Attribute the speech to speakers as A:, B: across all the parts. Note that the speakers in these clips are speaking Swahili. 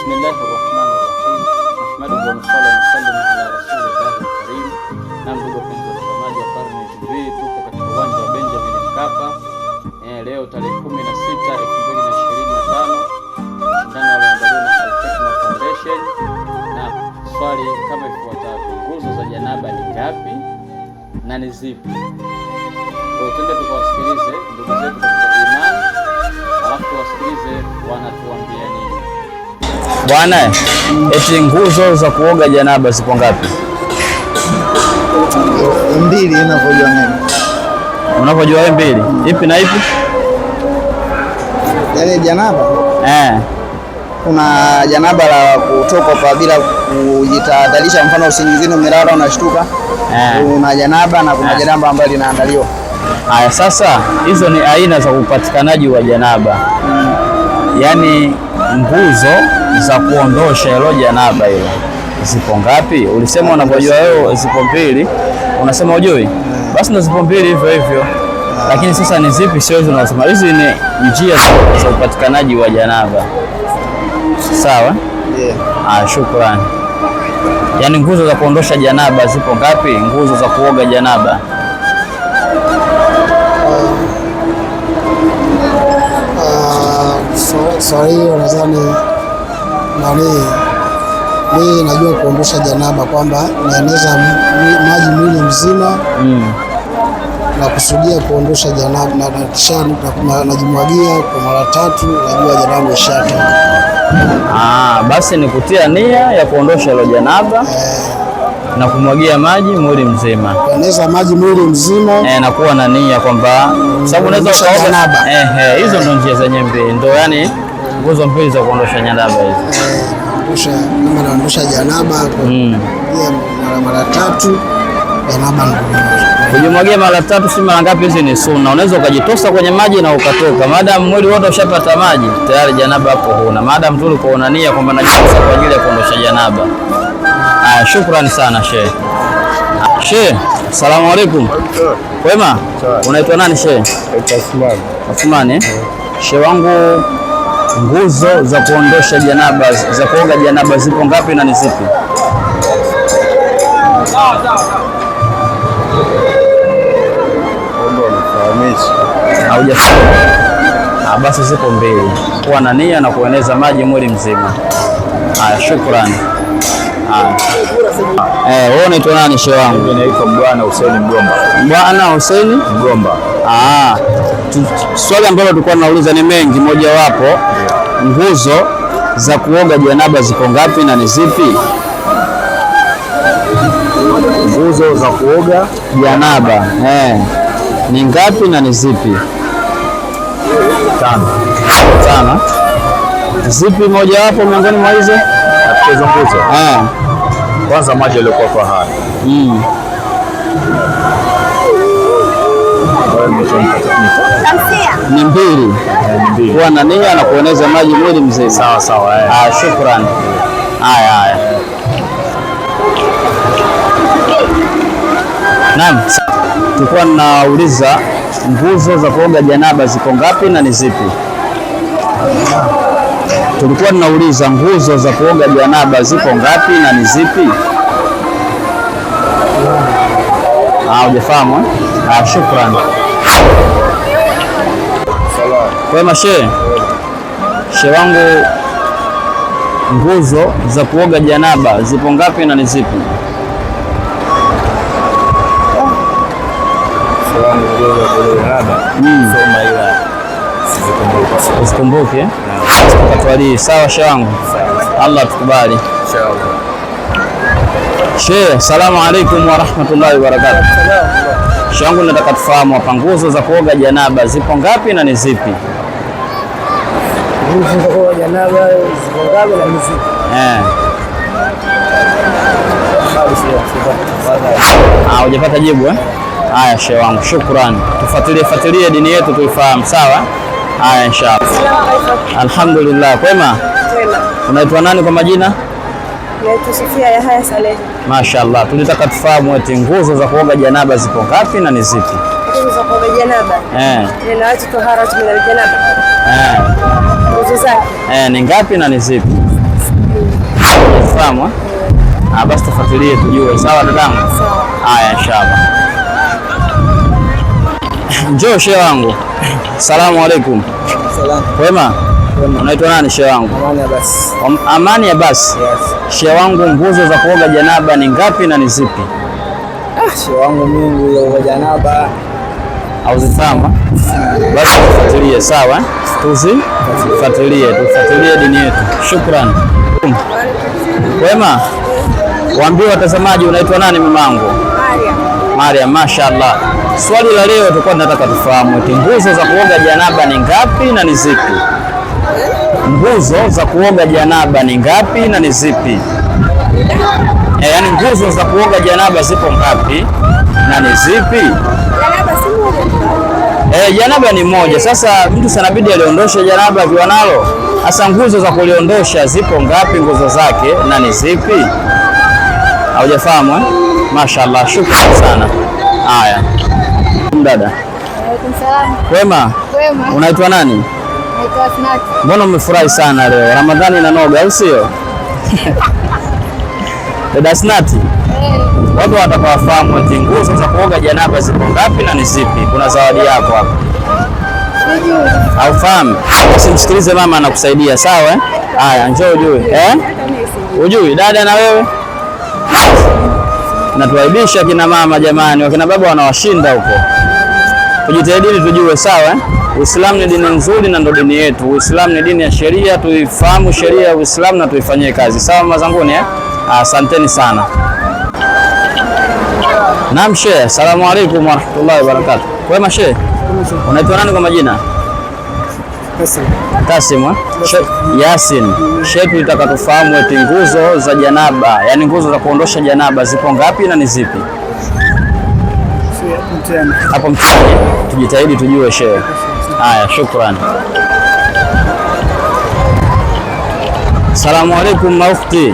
A: Bismillahi rahmani rahim, nahmaduhu wa nusalli wa nusallim ala rasulillahi karim. Na ndugu wapenzi watazamaji wa Karne TV, tuko katika uwanja wa Benjamin Mkapa eh, leo tarehe 16 2025, mashindano yaliyoandaliwa na Al Foundation, na swali kama ifuatavyo: nguzo za janaba ni ngapi na ni zipi? Kwa tukawasikilize ndugu zetu. Bwana, eti nguzo za kuoga janaba zipo ngapi? Mbili inavyojua mimi. Unavyojua wewe mbili. Ipi na ipi? Yale yaani janaba? Eh. Kuna janaba la kutoka kwa bila kujitahadharisha, mfano usingizini umelala unashtuka. Eh. Kuna janaba na kuna eh, janaba ambayo linaandaliwa. Haya, sasa hizo ni aina za upatikanaji wa janaba. Mm. Yaani nguzo za kuondosha hilo janaba hilo zipo ngapi? Ulisema unavyojua wewe zipo mbili, unasema ujui, basi ndo zipo mbili hivyo hivyo. Lakini sasa ni zipi? Sio hizo unasema hizi ni njia za upatikanaji wa janaba, sawa? Ah, shukrani. Yaani nguzo za kuondosha janaba zipo ngapi? Nguzo za kuoga janaba tunajua kuondosha janaba, kwamba naeneza maji mwili mzima mm. na kusudia kuondosha janaba na, na, najimwagia kwa mara tatu, najua janaba ishatoka. Ah, basi ni kutia nia ya kuondosha ile janaba eh na kumwagia maji mwili mzima, kueneza maji mwili mzima eh, na kuwa na nia kwamba mm, sababu unaweza ukaoga. Ehe, eh, hizo ndo njia zenye mbili, ndo yani nguzo mbili za kuondosha janaba hizo. Eh naondosha kama naondosha janaba mm. mara mara tatu janaba kujimwagia mara tatu, si mara ngapi? Hizi ni sunna. Unaweza ukajitosa kwenye maji na ukatoka, maadamu mwili wote ushapata maji tayari, janaba hapo huna, maadamu tu ulikuwa unania kwamba najitosa kwa ajili ya kuondosha janaba. Aya, shukrani sana shehe. Shehe, asalamu alaykum. kwema unaitwa nani shehe? Uthmani. Uthmani, eh? mm. shehe wangu Nguzo za kuondosha janaba za kuoga janaba zipo ngapi na ni zipi? Haujafahamu? Basi zipo mbili, kuwa na nia na kueneza maji mwili mzima. Haya, shukrani. Eh, wewe unaitwa nani shehe wangu? Naitwa Bwana Hussein Mgomba. Bwana Hussein Mgomba. Ah. Swali ambalo tulikuwa tunauliza ni mengi, mojawapo nguzo za kuoga janaba ziko ngapi na ni zipi? Nguzo za kuoga janaba eh, ni ngapi na ni zipi? Tano. Tano. Zipi mojawapo miongoni mwa hizo? Hizo nguzo. Eh. Kwanza maji yaliyokuwa kwa Mm ni mbili kuwa na nia na kueneza maji mwili mzima. Sawa sawa, ah, shukrani. Haya haya, naam, tulikuwa tunauliza nguzo za kuoga janaba ziko ngapi na ni zipi? Tulikuwa tunauliza nguzo za kuoga janaba ziko ngapi na ni zipi? Ah, hujafahamu? Ah, shukrani kwema she, she wangu, nguzo za kuoga janaba zipo ngapi na ni zipi? Hmm. Usikumbuke katwalii. Sawa she wangu, Allah tukubali. She, salamu alaikum wa rahmatullahi wa Shangu nataka tufahamu hapa, nguzo za kuoga janaba zipo ngapi na ni zipi? Nguzo za kuoga janaba zipo ngapi na ni zipi? Eh. Ah, hujapata jibu eh? Haya, shehe wangu, shukrani. Tufuatilie fuatilie dini yetu tuifahamu, sawa? Haya, inshallah. Alhamdulillah, kwema? Kwema. Unaitwa nani kwa majina? Tusifia Sofia Yahaya Saleh. Mashaallah, tunataka tufahamu eti nguzo za kuoga janaba zipo ngapi na ni zipi? Nguzo za kuoga janaba eh, ninaacha tohara tu na janaba eh, nguzo zake eh ni ngapi na ni zipi? Fahamu eh? mm. ah, basi tufuatilie tujue. Sawa dadangu, sawa. Haya, inshallah. Njoo shehe wangu. Salamu alaikum. Salamu. Kwema? Unaitwa nani shehe wangu? Amani Abasi. Amani Abasi. Yes. Shia wangu nguzo za kuoga janaba ni ngapi na ni zipi? Ah, shia wangu mimi ya kuoga janaba auzitama eh? basi, tufuatilie sawa, tuzi eh? tuzifuatilie, tufuatilie dini yetu. Shukrani. Wema, waambie watazamaji unaitwa nani mamangu? Maria. Maria, mashaallah. Swali la leo tulikuwa tunataka tufahamu eti nguzo za kuoga janaba ni ngapi na ni zipi? nguzo za kuoga janaba ni ngapi na ni zipi? E, yani nguzo za kuoga janaba zipo ngapi na ni zipi? E, janaba ni moja. Sasa mtu sanabidi aliondosha janaba akiwa nalo. Sasa nguzo za kuliondosha zipo ngapi, nguzo zake na ni zipi? Haujafahamu eh? Mashallah, shukrani sana. Haya, kwema
B: wema, unaitwa
A: nani? Mbona umefurahi sana leo? Ramadhani inanoga au sio? Dada Snati, eh. watu watakawafahamu eti nguzo za kuoga janaba zipo ngapi na ni zipi? Kuna zawadi yako hapa. Aufahamu? Usimsikilize mama, anakusaidia sawa. Eh? Haya, njoo ujue Eh? Ujui dada, na wewe natuaibisha kina mama jamani, wakina baba wanawashinda huko, tujitahidini tujue, sawa. Eh? Uislamu ni dini nzuri na ndo dini yetu. Uislamu ni dini ya sheria, tuifahamu sheria ya Uislamu na tuifanyie kazi. Sawa mazanguni eh? Asanteni sana. Naam shehe, asalamu alaykum wa rahmatullahi wa barakatuh. Kwema shehe? Unaitwa nani kwa majina? Kasim. Kasim eh? Yasin. Shehe, tutaka tufahamu eti nguzo za janaba, yani nguzo za kuondosha janaba zipo ngapi na ni zipi? Hapo mtihani. Tujitahidi tujue shehe. Haya, shukran. Salamu alaikum maufti,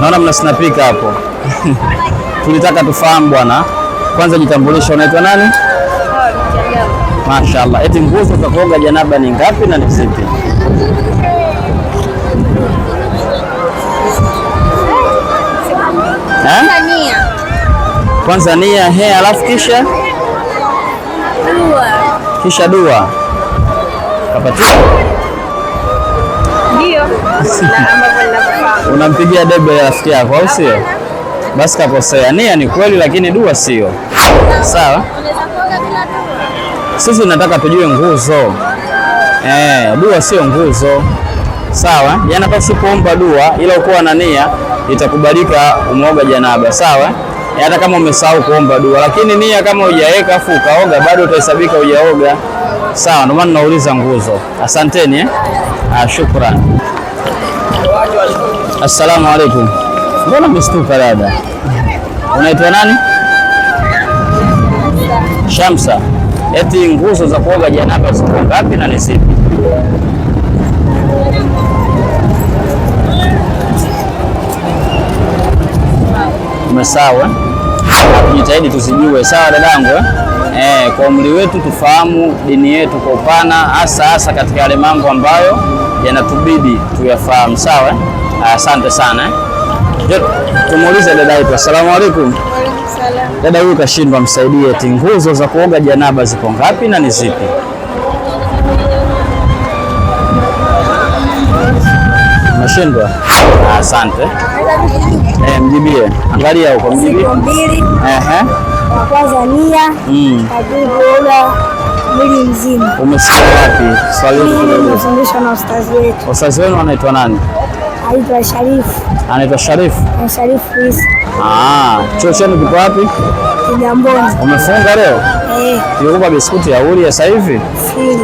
A: naona mnasinapika hapo tulitaka tufahamu bwana, kwanza jitambulisha, unaitwa nani? Mashaallah. Eti nguzo za kuoga janaba ni ngapi na ni zipi? Kwanza eh? nia he, alafu kisha dua. Kisha dua kapatia, ndio unampigia debe ya rafiki yako, au sio? Basi kakosea. Nia ni kweli, lakini dua sio sawa. Sisi tunataka tujue nguzo eh, dua sio nguzo sawa. Jana dua ila ukuwa na nia itakubalika umeoga janaba, sawa hata kama umesahau kuomba dua, lakini nia kama hujaweka afu ukaoga bado utahesabika hujaoga. Sawa, ndio maana nauliza nguzo. Asanteni eh? Ah, shukran. Assalamu alaikum. Mbona umestuka dada? Unaitwa nani? Shamsa. Eti nguzo za kuoga janaba ziko ngapi na ni zipi? Umesahau eh? tujitahidi tusijue. Sawa dadangu, eh? eh, kwa umri wetu tufahamu dini yetu kwa upana, hasa hasa katika yale mambo ambayo yanatubidi tuyafahamu. Sawa, ah, asante sana. Eh? Tumuulize dada yetu. Asalamu alaykum. Dada huyu kashindwa, msaidie eti nguzo za kuoga janaba ziko ngapi na ni zipi? Nashindwa. Ah, asante. Eh, mjibie. Angalia huko mjibie. siku mbili. Ehe. Kwanza nia. Mm. Mwili mzima. Umesikia wapi? Swali hili tulifundishwa na ustazi wetu. Ustazi wenu anaitwa nani? Anaitwa Sharif. Anaitwa Sharif? Na eh, Sharif Isa. Ah, chuo chenu kiko wapi? Kigamboni. Umefunga leo? Eh. Ulikupa biskuti ya uli ya sasa hivi? Si.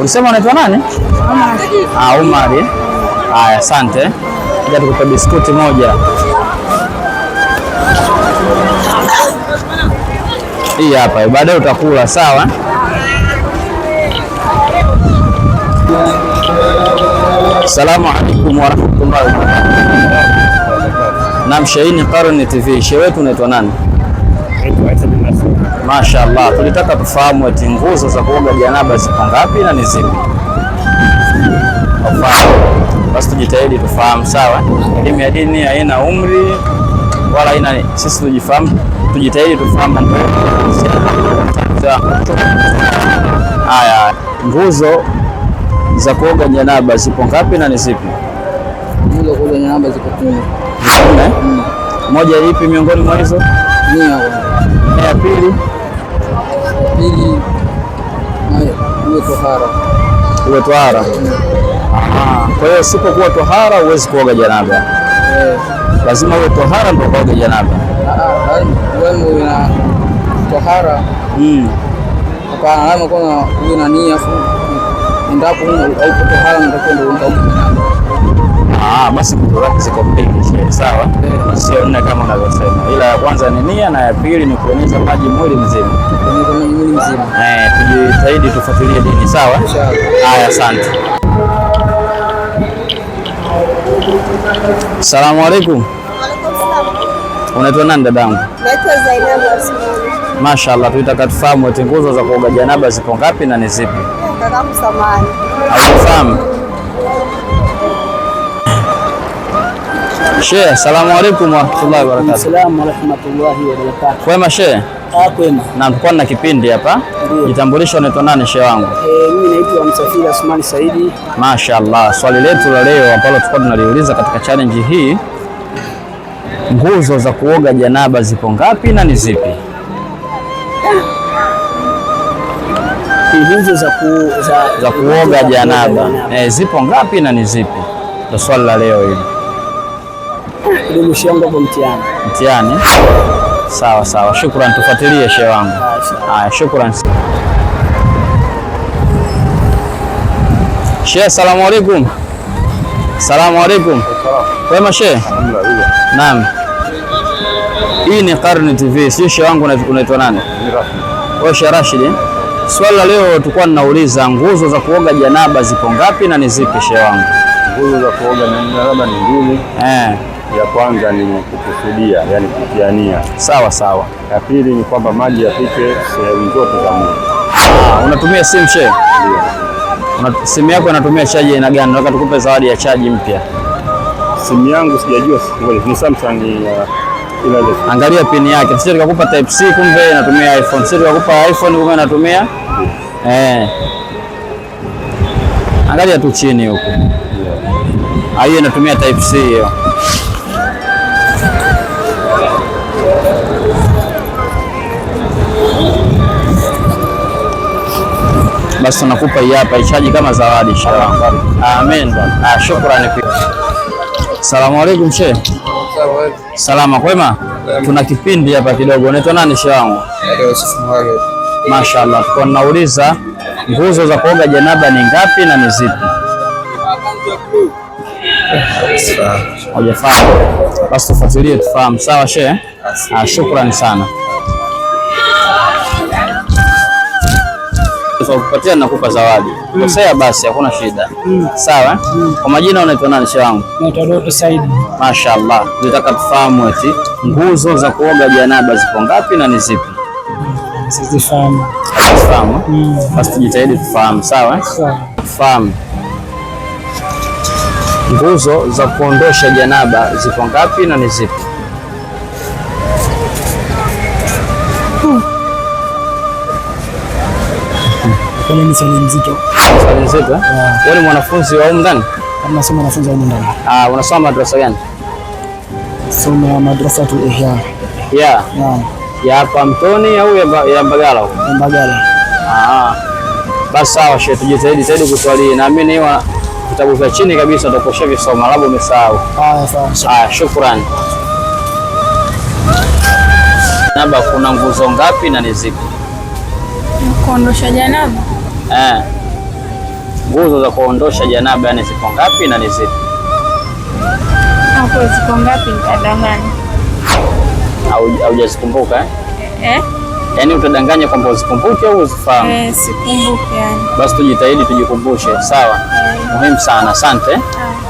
A: Ulisema unaitwa nani?
B: Umari. Ah, Umari.
A: Eh? Haya, asante. Ngoja tukupe biskuti moja. Hii hapa baadaye utakula sawa. Assalamu alaikum warahmatullahi wabarakatuh. Na mshaini Karuni TV, shehe wetu unaitwa nani? Mashaallah, tulitaka tufahamu eti nguzo za kuoga janaba ziko ngapi na ni zipi? Basi tujitahidi tufahamu, sawa. Elimu ya dini haina umri wala ina sisi tujifahamu, tujitahidi tufahamu. Haya, nguzo za kuoga janaba zipo ngapi na ni zipi? Nguzo za kuoga janaba ziko kumi. Moja ipi miongoni mwa hizo? Nia. Ya pili? Pili. Iwe tohara. Iwe tohara. Hmm. Kwa hiyo sipokuwa tohara huwezi kuoga janaba. Eh lazima uwe tohara ndio uoge janaba. Hmm. Ah, basi kutoraki ziko mbili sawa, sio nne kama unavyosema, ila ya kwanza ni nia na ya pili ni kuonyesha maji mwili mzima. Eh, tujitahidi tufuatilie dini sawa. Haya, asante. Salamu alaikum. Unaitwa nani dadangu? Naitwa Zainabu Asmani. Mashaallah, tuitaka tufahamu eti nguzo za kuoga janaba zipo ngapi na ni zipi? Eh, Haufahamu? Sheikh, salamu alaikum wa rahmatullahi wa barakatuh. Wa rahmatullahi wa barakatuh. Kwema Sheikh? hakwenda. Na tulikuwa na kipindi hapa. Jitambulisho, unaitwa nani shehe wangu? Eh, mimi naitwa Msafiri Asmani Saidi. Mashaallah, swali letu la leo ambalo tulikuwa tunaliuliza katika challenge hii, nguzo za kuoga janaba zipo ngapi na ni zipi? Nguzo za, ku, za, za kuoga janaba eh, zipo ngapi na ni zipi? Ndio swali la leo hili. Mtihani. Mtihani. Sawa sawa, shukran, tufuatilie shehe wangu. Haya, shukran. Shehe, salamu alaikum. Salamu alaikum. kwema shehe? Naam. Hii ni Qarni TV, sio shehe wangu, unaitwa nani? Wewe shehe Rashid. Eh? Swali la leo tulikuwa tunauliza nguzo za kuoga janaba zipo ngapi na ni zipi shehe wangu? Nguzo za kuoga janaba ni mbili. Eh ya kwanza ni kukusudia, yani kutiania Sawa sawa. Ya pili ni kwamba maji yapike sehemu zote za mwili. Ah, unatumia simu shehe? Ndio. Una simu yako inatumia chaji aina gani? Nataka tukupe zawadi ya chaji mpya. Simu yangu sijajua, ni Samsung ya Angalia pini yake, sisi tukakupa type C kumbe inatumia iPhone. Sisi tukakupa iPhone kumbe inatumia eh. Angalia tu chini huko. Ah, hiyo inatumia type C hiyo. basi tunakupa hii hapa ichaji kama zawadi inshallah. Amen. Ah, shukrani pia. Salamu alaykum shehe. Salama kwema. Tuna kipindi hapa kidogo. Unaitwa nani shehe wangu?
B: Mashaallah. Kwa nauliza
A: nguzo za kuoga janaba ni ngapi na ni zipi? Hujafanya. Basi tufuatilie tufahamu. Sawa shehe? Ah, shukrani sana. kupatia na kupa zawadi. Mm. Kosea basi hakuna shida. Mm. Sawa? Mm. Kwa majina unaitwa nani shehe wangu? Naitwa Doto Said. Mashaallah. Nataka tufahamu eti nguzo za kuoga janaba zipo ngapi na ni zipi? Sizifahamu. Sizifahamu? Basi tujitahidi tufahamu, sawa? Sawa. Tufahamu. Nguzo za kuondosha janaba zipo ngapi na ni zipi? Kama ni swali mzito. Swali mzito. Wewe ni mwanafunzi wa humu ndani? Nasoma mwanafunzi wa humu ndani. Ah, unasoma madrasa gani? Soma madrasa tu Ihya. Ya. Ya Ya hapa Mtoni au ya Mbagala Ya Mbagala. Ah. Basi sawa, shehe, tujitahidi zaidi kuswali. Naamini wa vitabu vya chini kabisa utakoshia visoma, labda umesahau. Ah, sawa. Ah, shukrani. Janaba kuna nguzo ngapi na ni zipi? Kuondosha janaba eh, nguzo za kuondosha janaba yani ziko ngapi na ni zipi?
B: Hapo ah, ziko ngapi mtadanganya?
A: Haujazikumbuka eh? eh? Yaani utadanganya kwamba uzikumbuke au uzifahamu? Eh,
B: sikumbuke yani.
A: Basi tujitahidi tujikumbushe, sawa? Eh. Muhimu sana, asante.
B: Ah.